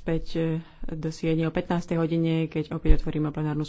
späť eh, do siedne o 15. hodine, keď opäť otvoríme plenárnu schôdzu.